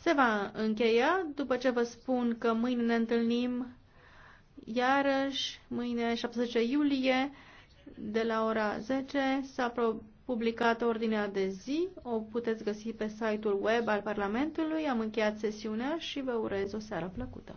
se va încheia după ce vă spun că mâine ne întâlnim iarăși, mâine 17 iulie, de la ora 10 s-a publicat ordinea de zi, o puteți găsi pe site-ul web al Parlamentului. Am încheiat sesiunea și vă urez o seară plăcută.